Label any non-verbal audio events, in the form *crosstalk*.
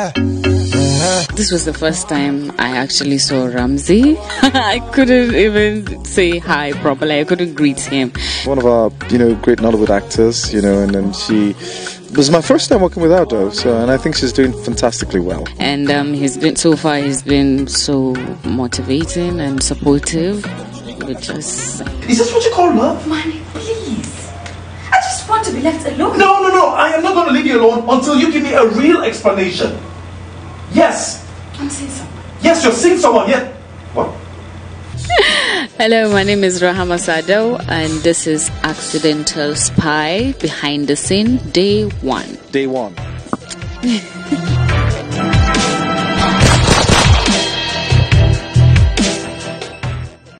Uh-huh. This was the first time I actually saw Ramsey. *laughs* I couldn't even say hi properly. I couldn't greet him. One of our, you know, great Nollywood actors, you know, and then she was my first time working with her so and I think she's doing fantastically well. And um, he's been so far, he's been so motivating and supportive. Which is is this what you call love, man? Please, I just want to be left alone. No, no. I am not going to leave you alone until you give me a real explanation. Yes. I'm seeing someone. Yes, you're seeing someone. Yes. What? Hello, my name is Rahama Sado, and this is Accidental Spy Behind the Scene, Day One. Day One. *laughs*